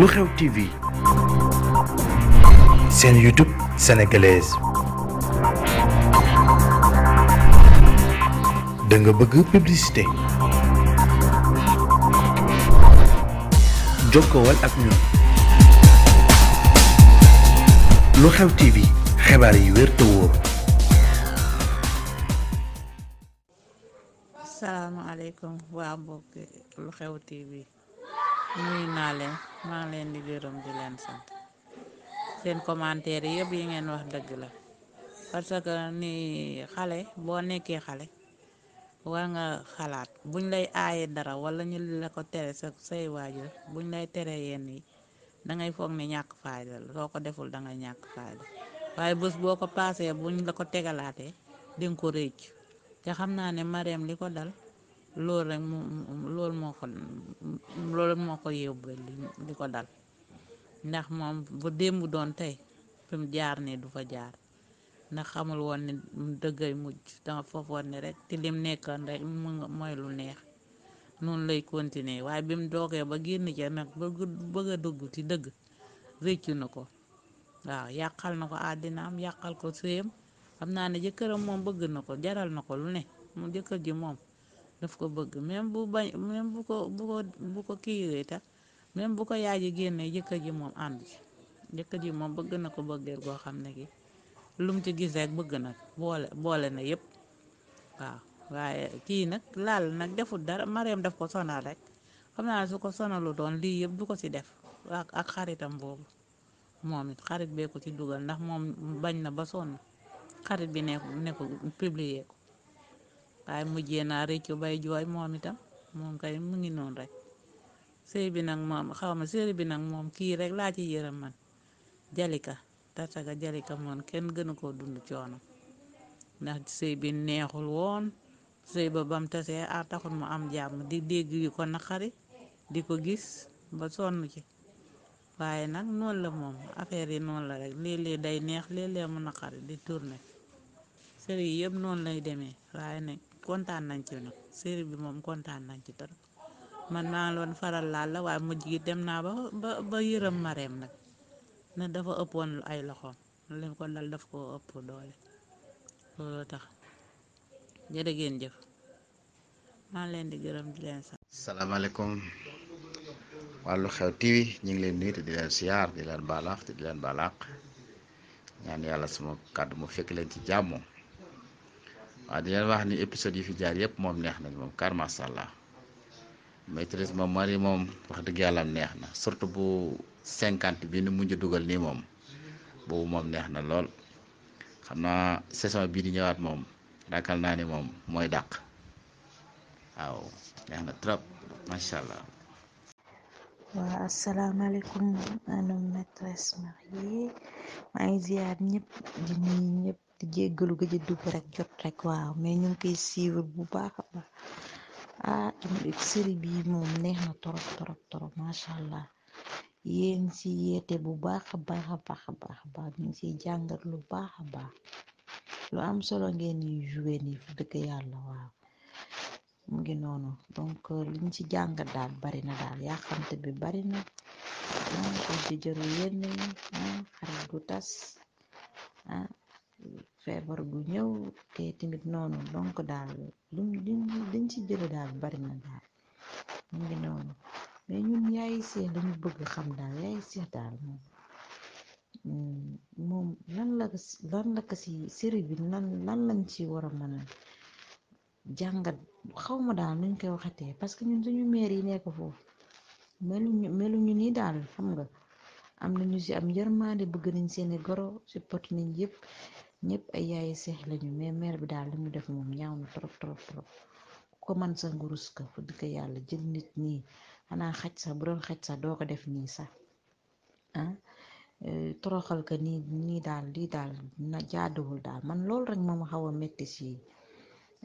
lu xew TV seen YouTube sénégalaise da bëgg publicité jokkowal ak ñun lu xew TV xibaar yi wér te wóor. salaamaaleykum waa mbokk lu xew TV. nuyu naa leen maa leen di gërëm di leen sant seen commentaire yëpp yi ngeen wax dëgg la parce que ni xale boo nekkee xale war nga xalaat buñ lay aayee dara wala ñu la ko tere sa say waajur buñ lay tere yenn yi da foog ne ñàkk fayda la soo ko deful da nga ñàkk fayda waaye bés boo ko paasee buñ la ko tegalaatee di ko rëcc te xam naa ne Marème li ko dal loolu rek loolu moo ko loolu moo ko yóbbee li ko dal ndax moom bu démb doon tey fi mu jaar ne du fa jaar ndax xamul woon ne dëggay mujj danga foofoon ne rek te lim nekkoon rek mooy lu neex noonu lay continuer waaye bi mu doogee ba génn ca nag bëgg a dugg ci dëgg réccu na ko waaw yàqal na ko àddina am yàqal ko séyam xam naa ne jëkkëram moom bëgg na ko jaral na ko lu ne mu jëkkër ji moom daf ko bëgg même bu bañ même bu ko bu ko bu ko kiiwee tax même bu ko yaay ji génnee jëkkër ji moom ànd ci jëkkër ji moom bëgg na ko bëggeel goo xam ne gi lum ci gis rek bëgg na boole boole na yépp waaw waaye kii nag laal nag deful dara Mariam daf ko sonal rek xam naa su ko sonalu doon lii yëpp du ko si def ak xaritam boobu moom it xarit bee ko ci dugal ndax moom bañ na ba sonn xarit bi ne ko ko waaye mujjee naa réccu bay jooy moom itam moom kay mu ngi noonu rek série bi nag moom xaw ma série bi nag moom kii rek laa ci yërëm man jalika tartaga jalika moom kenn gënu koo dund coono ndax séy bi neexul woon séy ba bam tasee a ah, taxul mu am jàmm di dégg yu ko naqari di ko gis ba sonn ci waaye nag noon la moom affaire yi noonu la rek léeg day neex léeg mu naqari di tourner série yi yëpp noonu lay demee waaye nag kontaan nañ ci nag série bi moom kontaan nañ ci trop man maa ngi doon faral laal la waaye mujj gi dem naa ba ba ba yërëm mareem nag na dafa ëppoon ay loxoom leen ko dal daf koo ëpp doole looloo tax jërë ngeen jëf maa leen di gërëm di leen sant. wàllu xew TV ñu ngi leen di leen siyaar di leen baalaax te di leen baalaax ñaan yàlla sama kàddu mu fekk leen ci jàmm. waaw di leen wax ni épisode yi fi jaar yëpp moom neex nañ moom kaar macha allah maîtrise ma mari moom wax dëgg yàlla neex na surtout bu cinquante bi ni mujj dugal nii moom boobu moom neex na lool xam naa saison bii di ñëwaat moom raakal naa ni moom mooy dàq waaw neex na trop macha allah. waaw asalaamaaleykum maanaam maîtresse mariée maa ngi ziar ñëpp di nuyu ñëpp. di jéggalu gëj a rek jot rek waaw mais ñu ngi koy bu baax a baax ah série bi moom neex na torop torop torop macha allah yéen si yeete bu baax a baax a baax a baax ñu ngi siy jàngat lu baax a baax lu am solo ngeen di joué yi fu dëgg yàlla waaw mu ngi noonu donc euh, liñ ci jàngat daal bari na daal yaa xamte bi bari na ah di jëru yenn yi ah xarit du tas ah. feebar gu ñëw te tamit noonu donk daal lu dañ ci jële daal bari na daal noonu mais ñun yaay seex dañu bëgg xam daal yaay seex daal moom hmm, moom lan la lan la ko bi lan lañ ci war a mën a jàngat xaw ma daal nuñ koy waxtee parce que ñun suñu maire yi nekk foofu melu meluñu nii daal xam nga am ñu si am yërmande bëgg nañ seeni goro supporté nañ yëpp ñëpp ay yaayi seex lañu mais maire bi daal li mu def moom ñaaw na trop trop trop ku ko man sa ngurus ka fa dëgg yàlla jël nit ñi xanaa xaj sax bu doon xaj sax doo ko def nii sax ah eh, toroxal ka nii nii daal lii daal na jaaduwul daal man loolu rek moom xaw a metti si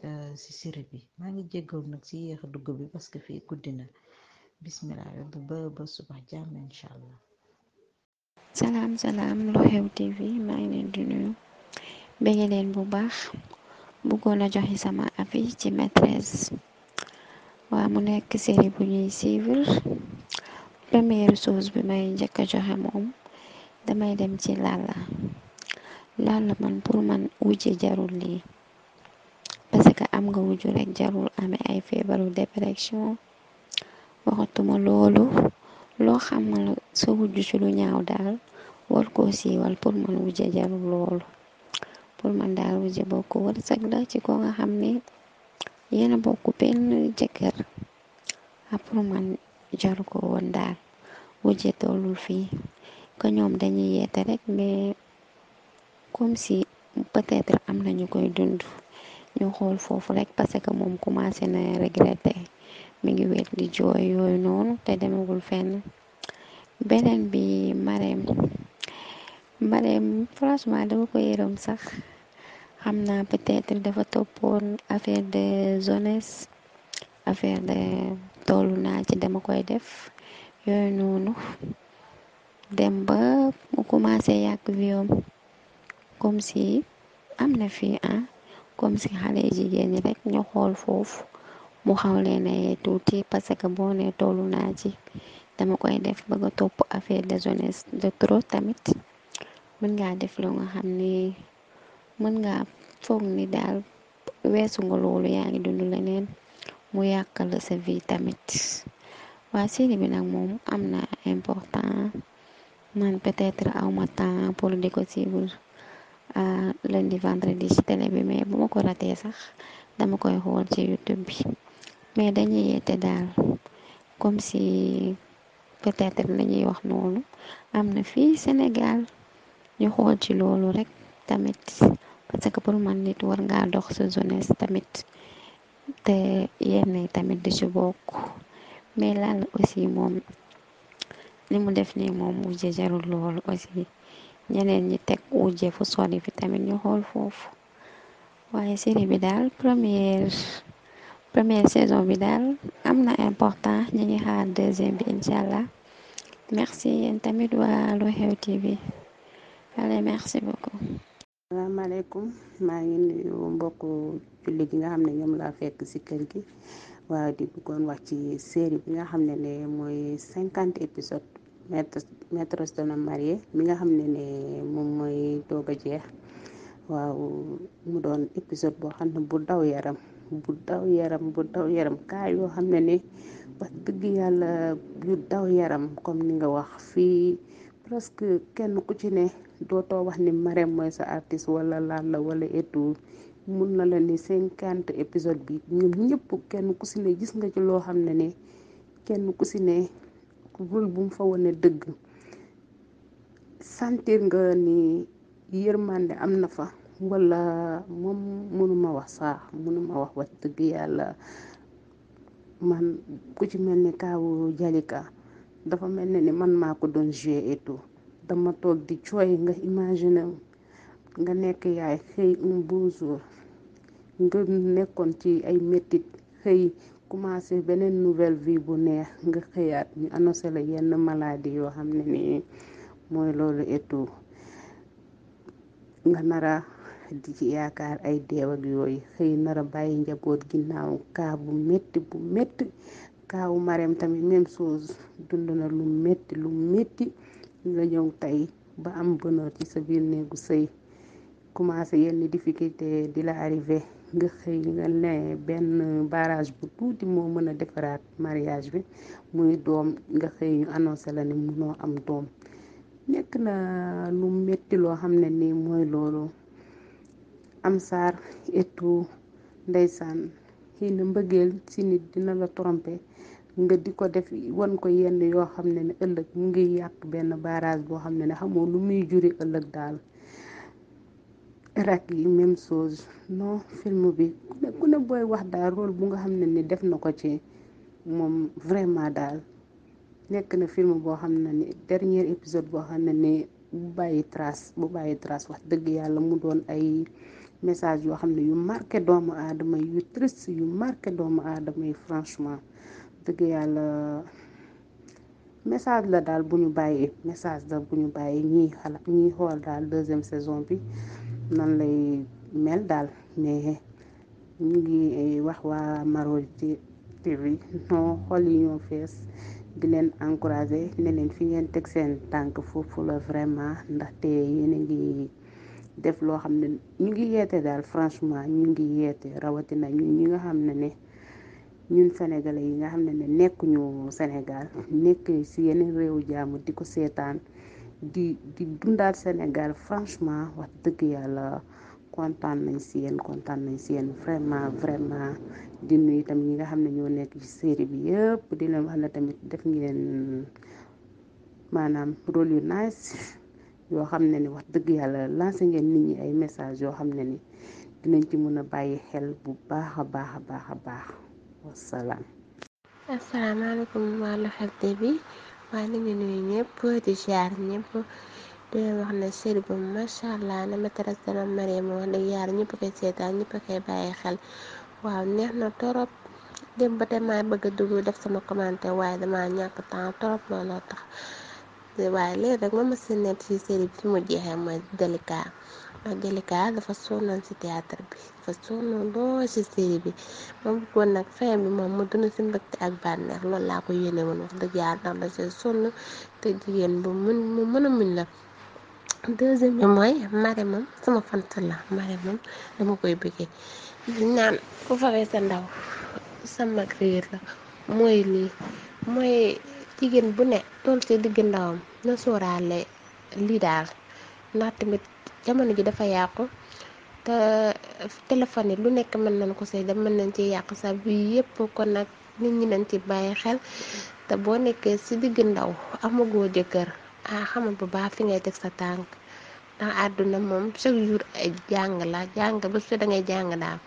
eh, si série bi maa ngi jéggal nag si yéex a dugg bi parce que fii guddi na bismillah bu ba ba suba jàmm incha allah. salaam salaam Lu Xew TV maa ngi leen di nuyu. bëgg leen bu baax bëggoon a joxe sama avis ci maîtresse waa mu nekk série bu ñuy suivre première chose bi may njëkk a joxe moom damay dem ci Lalla Lalla man pour man wujje jarul lii parce que am nga wujju rek jarul amee ay feebaru dépression waxatuma loolu loo xam nga sa wujju ci lu ñaaw daal wol koo siiwal pour man wujje jarul loolu pour man daal wujje bokk wërsëg la ci ko nga xam ne yéen a bokk benn jëkkër a ah, pour man jaru ko woon daal wujje tollul fii ko ñoom dañuy yeete rek mais comme si peut am na ñu koy dund ñu xool foofu rek parce que moom commencé na regretté mu ngi wér di jooy yooyu noonu te demagul fenn beneen bi mareem Marème franchement dama ko yërëm sax xam naa peut-être dafa toppoon affaire de jeunesse affaire de tollu naa ci dama koy def yooyu noonu dem ba mu commencé yàq viom comme si am na fi ah comme si xale jigéen ñi rek ñu xool foofu mu xaw leen a yee tuuti parce que boo nee naa ci dama koy def bëgg topp affaire de jeunesse de trop tamit. mën ngaa def loo nga xam ni mën ngaa foog ni daal weesu nga loolu yaa ngi dund leneen mu yàqal sa vie tamit waa série bi nag moom am na important man peut-être aw ma temps pour di ko suivre euh, lundi vendredi ci télé bi mais bu ma ko ratee sax dama koy xool ci YouTube bi mais dañuy yete daal comme si peut-être lañuy wax noonu am na fii Sénégal ñu xool ci loolu rek tamit parce que pour man nit war ngaa dox sa jeunesse tamit te yenn yi tamit di ci bokk mais laal aussi moom li mu def nii moom wujje jarul loolu aussi ñeneen ñi teg wujje fu sori fi tamit ñu xool foofu waaye série bi daal première première saison bi daal am na important ñu ngi xaar deuxième bi incha allah merci yéen tamit waa Lu Xew TV. Allez merci maa ngi nuyu mbokku julli gi nga xam ne ñoom laa fekk si kër gi waaw di bëggoon wax ci série bi nga xam ne ne mooy cinquante épisodes mi nga xam ne moom mooy doog a jeex waaw mu doon épisode boo xam ne bu daw yaram bu daw yaram bu daw yaram kaa yoo xam ne ne wax dëgg yàlla yu daw yaram comme ni nga wax fii presque kenn ku ci ne dootoo wax ni Marème mooy sa artiste wala Lalla wala et tout mun na la ni cinquante épisode bi ñoom ñëpp kenn ku si gis nga ci loo xam ne ni kenn ku si ne rôle bu mu fa wane dëgg sentir nga ni yërmande am na fa wala moom mënuma wax saa mënuma wax wax dëgg yàlla man ku ci mel ni kaawu Jalika dafa mel na ni man maa ko doon joué et dama toog di jooy nga imagine nga nekk yaay xëy un beau jour nga nekkoon ci ay métit xëy commencé beneen nouvelle vie bu neex nga xëyaat ñu annoncé la yenn maladie yoo xam ne nii mooy loolu et nga nara di ci yaakaar ay deew yooyu xëy nara bàyyi njaboot ginnaaw kaa bu métti bu métti kaawu Marème tamit même chose dund na lu metti lu métti nga ñëw tey ba am bonheur ci sa biir néegu sëy commencé yenn difficulté di la arrivé nga xëy nga ne benn barage bu tuuti moo mën a defaraat mariage bi muy doom nga xëy ñu annoncé la ne munoo am doom nekk na lu metti loo xam ne nii mooy loolu am saar et ndeysaan xëy na mbëggeel si nit dina la tromper nga di ko def wan ko yenn yoo xam ne ne ëllëg mu ngi yàq benn barrage boo xam ne ne xamoo lu muy juri ëllëg daal Irak yi même chose no film bi ku ne ku ne booy wax daal rôle bu nga xam ne ni def na ko ci moom vraiment daal nekk na film boo xam ne ni dernier épisode boo xam ne ni bu bàyyi trace bu bàyyi trace wax dëgg yàlla mu doon ay message yoo xam ne yu marke doomu aadama yu triste yu marqué doomu aadama yi franchement dëgg yàlla message la daal bu ñu bàyyee message la bu ñu bàyyee ñiy xalaat ñiy xool daal deuxième saison bi nan lay mel daal mais ñu ngi eh, wax waa Marodi TV non xool yi ñoo fees di leen encouragé ne leen fi ngeen teg seen tànk foofu la vraiment ndaxte yéen ngi def loo xam ne ñu ngi yeete daal franchement ñu ngi yeete rawatina ñun nga xam ne ne ñun sénégalais yi nga xam ne ne nekkuñu Sénégal nekk si yeneen réewu jàmm di ko seetaan di di dundaal Sénégal franchement wax dëgg yàlla kontaan nañ si yéen kontaan nañ si yéen vraiment vraiment di nuyu itam ñi nga xam ne ñoo nekk ci série bi yëpp di leen wax ne tamit def ngeen maanaam rôle yu nice yoo xam ne ni wax dëgg yàlla lancé ngeen nit ñi ay message yoo xam ne ni dinañ ci mën a bàyyi xel bu baax a baax a baax a baax wasalaam asalaamaaleykum waa Lu Xew TV waa ni ngi nuyu ñëpp di jaar ñëpp di leen wax ne série bu macha allah na Maîtresse d'un homme marié moom wax dëgg yàlla ñëpp koy seetaan ñëpp koy bàyyi xel waaw neex na torop dem ba tey maa bëgg a dugg def sama commentaire waaye damaa ñàkk temps torop looloo tax waaye léegi rek ma si nekk ci série bi fi mu jeexee mooy délicat ma bëggoon nag fin bi a muñ la deuxième bi mooy Marème moom sama fant la Marème moom dama koy bëggee naan ku fawee sa ndaw sa mag la mooy lii mooy jigéen bu ne tool ci digg ndawam na sóoraale lii daal ndax tamit jamono ji dafa yàqu te téléphone yi lu nekk mën nañ ko see dem mën nañ ci yàqu sax bi yëpp kon nag nit ñi nañ ci bàyyi xel te boo nekkee si digg ndaw amagoo jëkkër ah xamal bu baax fi ngay teg sa tànk ndax àdduna moom chaque jour ay jàng la jàng ba su da ngay jàng daal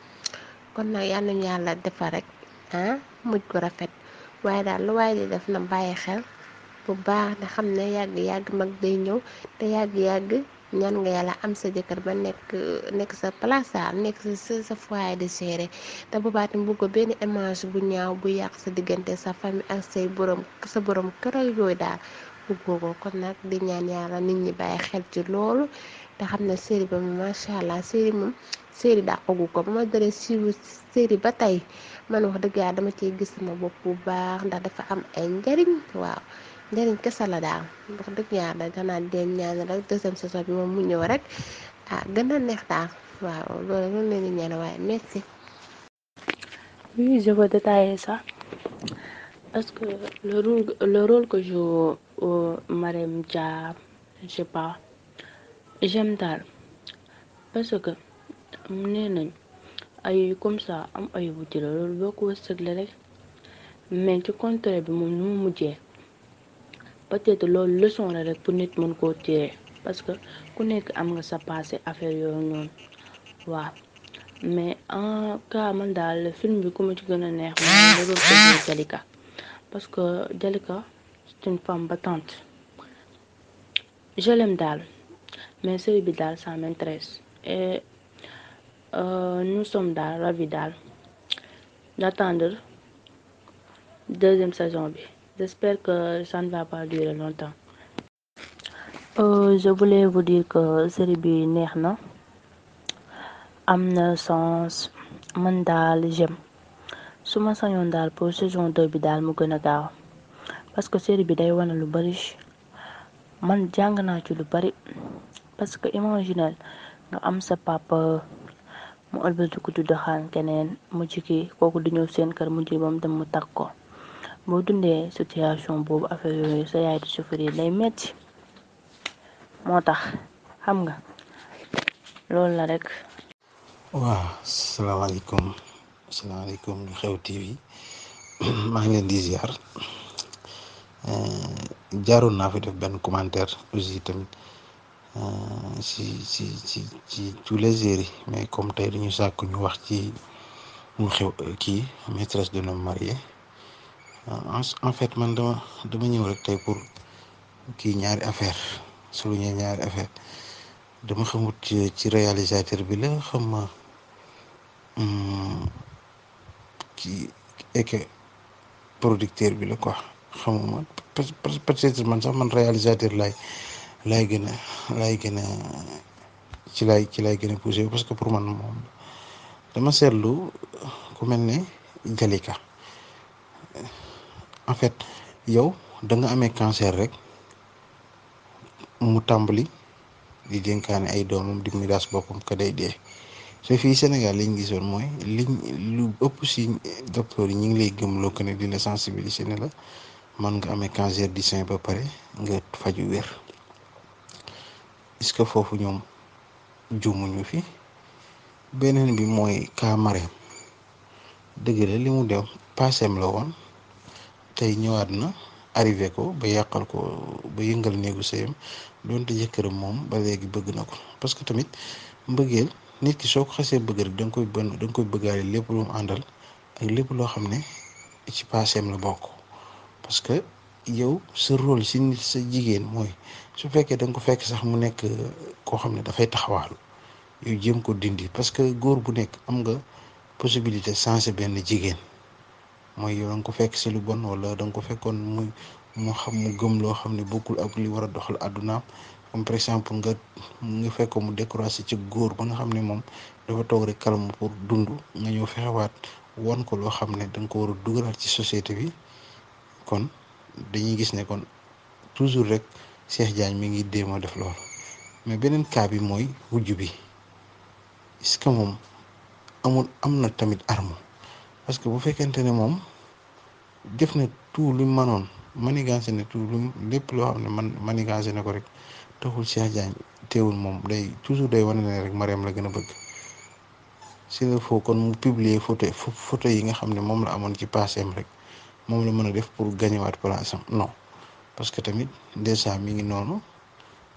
kon nag yal nañu yàlla defar rek ah mujj bu rafet waaye daal lu waaye di def na bàyyi xel bu baax te xam ne yàgg yàgg mag day ñëw te yàgg yàgg. ñaan nga yàlla am sa jëkkër ba nekk nekk sa place daal nekk sa sa foyer de géré te boobaa tam ko benn image bu ñaaw bu yàq sa diggante sa famille ak say borom sa borom kër yooy daal bëggoo ko kon nag di ñaan yàlla nit ñi bàyyi xel ci loolu te xam ne série ba moom macha allah série moom série dàqagu ko ba ma daree siiwu série ba tey man wax dëgg yàlla dama ciy gis sama bopp bu baax ndax dafa am ay njariñ waaw. njëriñ kese la daal wax dëgg yàlla danaa den ñaan rek deuxième rek ah waaye merci. oui je veux parce que le rôle le rôle que joue euh, Marème Dia je daal parce que nee nañ ay comme ça am ay wuti rek mais ci contraire bi mu mujjee. peut loolu leçon rek pour nit mën koo téye parce que ku nekk am nga sa passé affaire yooyu noonu waaw mais en cas man daal film bi ku ma ci gën a neex moom la doon ko Jalika parce que Jalika c'est une femme battante je l'aime daal mais série bi daal ça m'intéresse et euh, nous sommes daal ravis daal d'attendre deuxième saison bi. J'espère que ça ne va je voulais vous dire que série bi neex na am na sens e man daal j'aime su ma sañoon daal pour saison 2 bi daal mu gën a gaaw parce que série bi day wane lu bari man jàng naa ci lu bari parce que imaginel nga am sa papa mu ëlbatiku di doxaan keneen mu jiki kooku di ñëw seen kër mu ji ba mu dem mu takk ko. boo dundee situation boobu affaire yooyu sa yaay di souffrir day metti moo tax xam nga loolu la rek. waaw salaamaaleykum salaamaaleykum lu xew TV maa ngi leen di ziar jaaroon naa fi def benn commentaire aussi tamit si si si ci tous les séries mais comme tey dañu sàkk ñu wax ci mu xew kii maîtresse d'un homme marié. Ah, en fait man dama dama ñëw rek tey pour kii ñaari affaire souligner ñaari affaire dama xamut ci réalisateur bi la xam ki ci ek producteur bi la quoi xamuma peut-être man réalisateur laay laay gën a ci laay ci laay gën a poussé parce que pour man dama seetlu ku mel ne Jalika en fait yow danga nga amee cancer rek mu tàmbali di dénkaane ay doomam di miiras boppam que day dee te fii Sénégal liñ gisoon mooy liñ lu ëpp si docteur yi ñu ngi lay gëmloo ne di la sensibiliser ne la man nga amee cancer di sin ba pare nga faju wér est-ce que foofu ñoom jumuñu fi beneen bi mooy cas Marème dëgg la li mu dem passem la woon tey ñëwaat na arriver ko ba yàqal ko ba yëngal néegu sëyam doonte jëkkëram moom ba léegi bëgg na ko parce que tamit mbëggeel nit ki soo ko xasee bëgg rek da nga koy bënn da nga koy bëggaale lépp lu àndal ak lépp loo xam ne ci paaseem bokk parce que yow sa si jigéen mooy su fekkee da nga ko fekk sax mu nekk koo xam ne dafay taxawaalu yow jëm ko dindi parce que góor bu nekk am nga possibilité changer benn jigéen mooy yow da ko fekk si lu bon wala da nga ko fekkoon mu mu xam mu gëm loo xam ne bokkul ak li war a doxal àddunaam comme par exemple nga nga fekk mu découragé ci góor ba nga xam ne moom dafa toog rek kalm pour dund nga ñëw fexewaat won ko loo xam ne da ko war a dugalaat ci société bi kon dañuy gis ne kon toujours rek Cheikh mi ngi déema def loolu mais beneen cas bi mooy wujj bi est-ce que moom amul am na tamit arme parce que bu fekkente ne moom def na tout lu manoon manigancé na tout lu lépp loo xam ne man manigancé na ko rek taxul Cheikh Diagne teewul moom day toujours day wane ne rek Mariam la gën a bëgg si la foo kon mu publier photo photo yi nga xam ne moom la amoon ci passeem rek moom la mën a def pour gañewaat place no parce que tamit déjà mi ngi noonu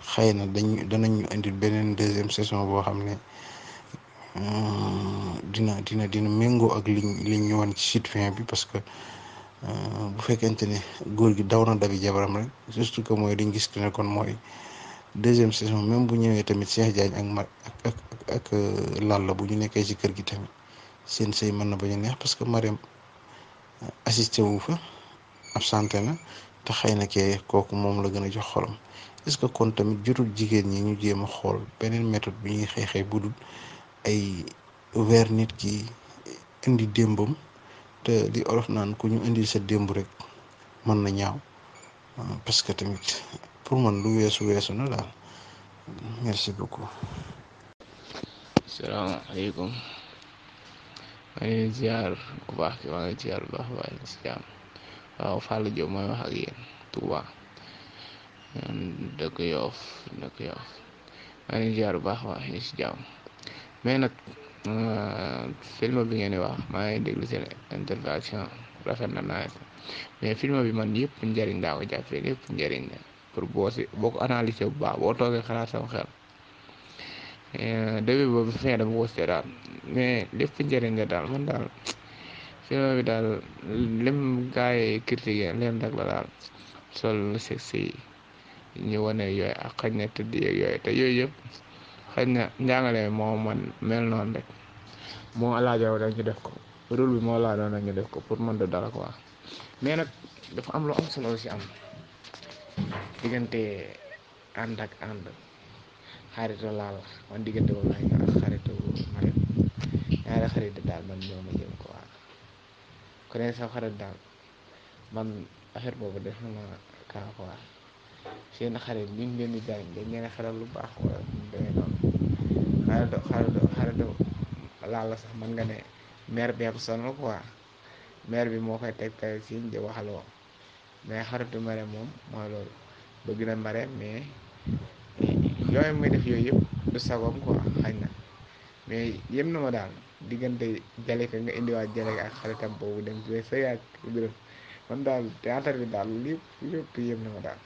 xëy na dañ danañu indil beneen deuxième saison boo xam ne Euh, dina dina dina méngoo ak liñ liñ ñu wan ci citoyen bi parce que euh, bu fekkente ne góor gi daw na dabi jabaram rek surtout que mooy liñ gis ne kon mooy deuxième saison même bu ñëwee tamit Cheikh Diagne ak ma ak ak euh, Lalla bu ñu nekkee ci kër gi tamit seen sëy man na bañ a neex parce que Marème assisté wu fa absenté na te xëy na kee kooku moom la gën a jox xolam est que kon tamit jotul jigéen ñi ñu jéem a xool beneen méthode bi ñuy xeexee budul. ay weer nit ki indi démbam te li olof naan ku ñu indil sa démb rek mën na ñaaw ah, parce que tamit pour man lu weesu weesu na daal merci beaucoup. salaamaaleykum ma ngi ziar ku baax ki maa ngi ziar bu baax waaye si jàmm waaw Fallou Diop mooy wax ak yéen Touba dëkk Yoff dëkk Yoff maa ngi ziar bu baax waaye si jàmm. mais nag euh, film bi ngeen di wax maa ngi déglu seen intervention rafet na naa mais film bi man yëpp njëriñ daa ko jàppee yëpp njëriñ la pour boo si boo ko analyser bu baax boo toogee xanaa sama xel euh, début boobu fin dama ko seetaan mais lépp njëriñ la daal man daal film bi daal lim gars yi critiqué leen rek la daal sol sexe yi ñu wane yooyu ak xañ na tëdd yeeg te yooyu yëpp. xëy na njàngale moo man mel noonu rek moo laajow rek ñu def ko rôle bi moo laajoon rek ñu def ko pour mën da dara quoi mais nag dafa am lu am solo aussi am diggante ànd ak ànd xarito laal man diggante boobu laa ñu ak xarito marim xarit daal man ñoo ma boobu def na ma kaa seen xale bi ñu leen di jàng dañ xelal lu baax wala demee noonu xale do xale sax mën nga ne mère bi sonal quoi mère bi moo koy tegtal si di waxaloo mais xaritu mare moom mooy loolu bëgg na mare mais yooyu muy def yooyu yëpp du sagoom quoi xañ na mais yem na ma daal diggante Jalika nga indiwaat Jalika ak xaritam boobu dem sëy ak Birame man daal théâtre bi daal lépp lépp yem na ma daal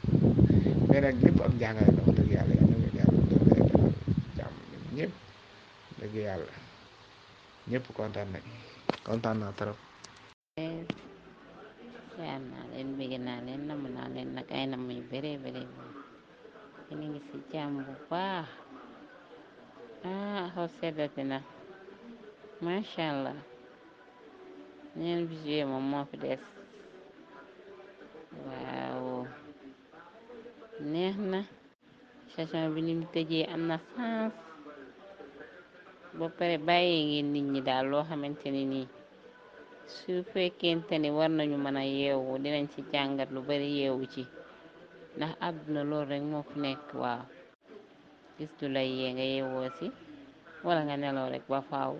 mais nag lépp ak jàngale la wax dëgg yàlla yàlla nañu yàlla doole trop. yaar naa leen bëgg naa leen namm naa leen nag ay namm yu bëree bëri yéen a ngi si jàmm ah xaw seddati na macha allah ñeen bi moom moo fi des. neex na chanson bi nim tëjee am na sens ba pare bàyyee ngeen nit ñi daal loo xamante ni nii su fekkente ni war nañu mën a yeewu dinañ ci jàngat lu bari yeewu ci ndax àdduna lool rekk moo fi nekk waaw gis du lay yee nga yeewoo si wala nga nelaw rekk ba faaw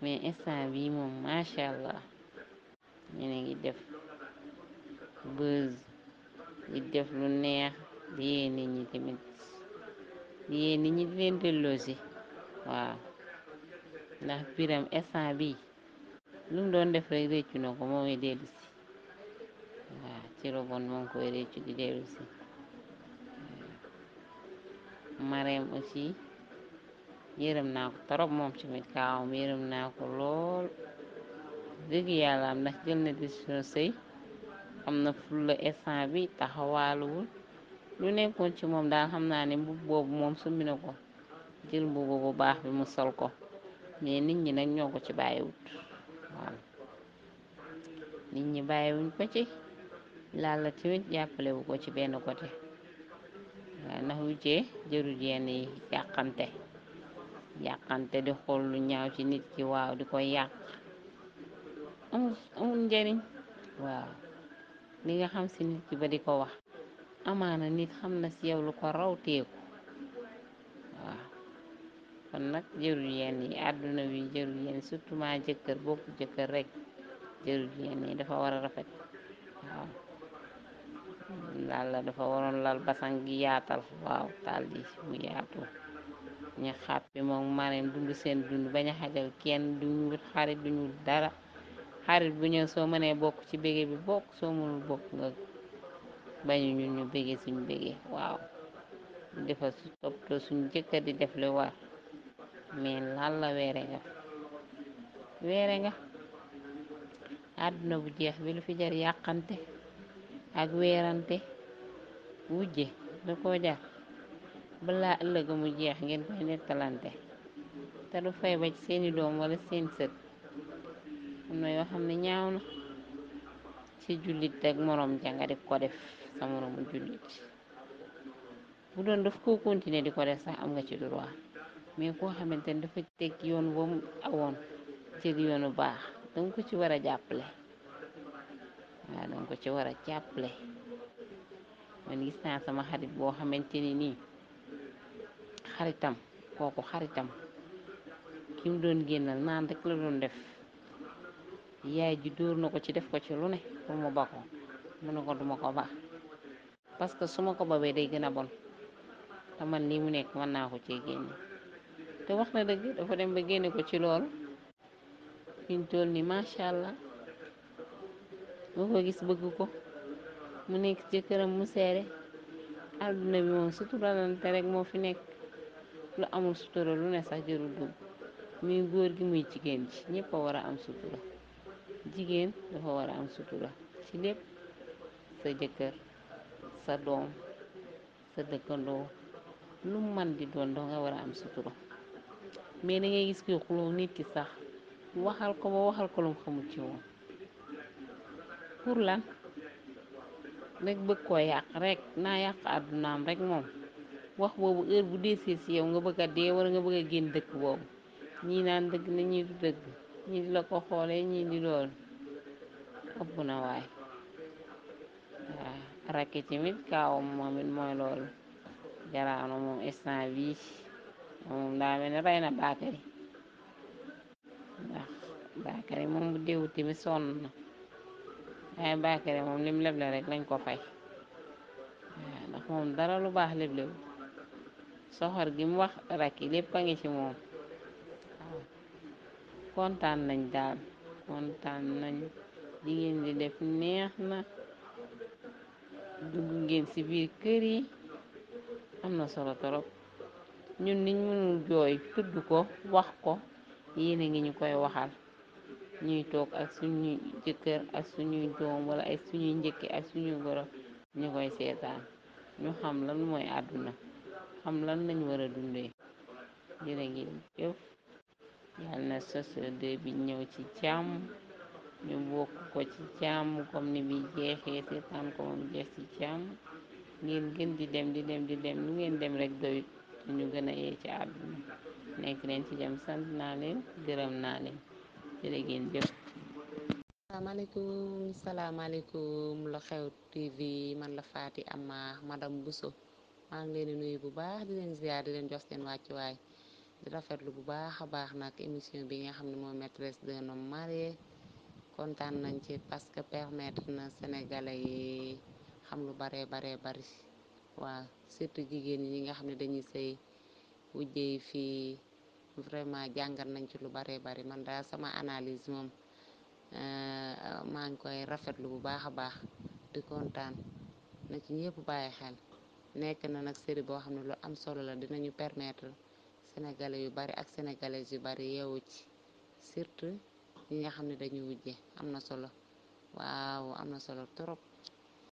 mais instant bi moom macha allah ñu ngi def buzz di def lu neex di yee nit ñi tamit di yee nit ñi di leen delloosi waaw ndax biram instant bi lu mu doon def rek réccu na ko mooy dellu si waaw ci robon moom koy réccu di dellu mareem aussi yërëm naa ko torop moom tamit kaawam yërëm naa ko lool dëgg yàlla ndax jël na décision sëy am na fulla instant bi taxawaaluwul lu nekkoon ci moom daal xam naa ni mbub boobu moom summi na ko jël mbubu bu baax bi mu sol ko mais nit ñi nag ñoo ko ci bàyyiwut nit ñi bàyyiwuñ ko ci Lalla ci jàppale jàppalewu ko ci benn côté waaw ndax wujjee jërul yenn yi yàqante yàqante di xool lu ñaaw ci nit ki waaw di koy yàq amul amul njariñ waaw li nga xam si nit ki ba di ko wax amaana nit xam na si lu ko raw teeku waaw kon nag jërul yenn yi àdduna wi jërul yenn surtout ma jëkkër bokk jëkkër rek jërul yenn yi dafa war a rafet waaw lalla dafa waroon lal basang gi yaatal waaw taal di mu yaatu ñu xàppi moom marim dund seen dund bañ a xajal kenn duñu wut xarit duñu dara xarit bu ñëw soo mënee bokk ci bége bi bokk soo mënul bokk nga bañu ñun ñu bége suñ bége waaw defa su toppatoo suñ jëkkër di def lu war mais lan la weere nga weere nga àdduna bu jeex bi lu fi jar yàqante ak weerante wujje da koo jar balaa ëllëg mu jeex ngeen koy nettalante te du fay ba seeni doom wala seen sët am na yoo xam ne ñaaw na ci jullit rek moroom ja nga di ko def sa moroomu jullit bu doon daf koo continuer di ko def sax am nga ci droit mais koo xamante ne dafa teg yoon woomu awoon teg yoonu baax danga ko ci war a jàppale waaw danga ko ci war a jàppale man gis naa sama xarit boo xamante ni nii xaritam kooku xaritam ki doon génnal naan rek la doon def yaay ji dóor na ko ci def ko ci lu ne mu ba ko mu ne ko duma ko ba parce que su ma ko babee day gën a bon te man lii mu nekk mën naa ko cee génne te wax na dëgg dafa dem ba génne ko ci loolu fi ni toll nii macha allah nga ko gis bëgg ko mu nekk ci këram mu seere àdduna bi moom suturalante rek moo fi nekk lu amul sutura lu ne sax jëru dugg muy góor gi muy jigéen ji ñëpp war a am sutura jigéen dafa war a am sutura ci lépp sa jëkkër sa doom sa dëkkandoo lu man di doon da nga war a am sutura mais da ngay gis kuy xuloo nit ki sax waxal ko ba waxal ko lu mu xamul ci moom pour lan rek bëgg koo yàq rek naa yàq àddunaam rek moom wax boobu heure bu dee ci yow nga bëgg a dee wala nga bëgg a génn dëkk boobu ñii naan dëgg na ñii du dëgg ñi la ko xoole ñi di lool ëpp na waay waaw rakki timit kaawam moomit mooy loolu jaraano moom instant moom daa mel rey na baakari ndax baakari moom bu déewu timit sonn baakari moom lim leble rek lañ ko fay waaw ndax moom dara lu baax leblewu soxor gi mu wax rakki lépp a ngi ci moom kontaan nañ daal kontaan nañ jigéen di def neex na dugg ngeen ci biir kër yi am na solo torop ñun niñ mënul jooy tudd ko wax ko yéene ngi ñu koy waxal ñuy toog ak suñu jëkkër ak suñuy doom wala ay suñuy njëkki ak suñuy goro ñu koy seetaan ñu xam lan mooy àdduna xam lan lañ war a dundee jërë ngeen jëf yàlla na sosoo dee bi ñëw ci jàmm ñu bokk ko ci jàmm kom ni bi jeexee seetaan ko moom jeex ci jàmm ngeen gën di dem di dem di dem nu ngeen dem rek doyut ñu gën a yee ci àdduna nekk leen ci jàmm sant naa leen gërëm naa leen jërë ngeen jëf salaamaaleykum salaamaaleykum lu xew tv man la faati ama madame Bousso maa ngi leen di nuyu bu baax di leen ziar di leen jox seen wàccuwaay di rafetlu bu baax a baax nag émission bi nga xam ne moom maîtresse d'un homme marié kontaan nañ ci parce que permettre na sénégalais yi xam lu baree baree bari waaw surtout jigéen ñi nga xam ne dañuy sëy wujjey fii vraiment jàngat nañ ci lu baree bari man daal sama analyse moom euh, maa ngi koy rafetlu bu baax a baax di kontaan na ci ñëpp bàyyi xel nekk na nag série boo xam ne lu am solo la dinañu permettre sénégalais yu bari ak sénégalais yu bari yeewu ci surtout ñi nga xam ne dañu wujje am na solo waaw am na solo trop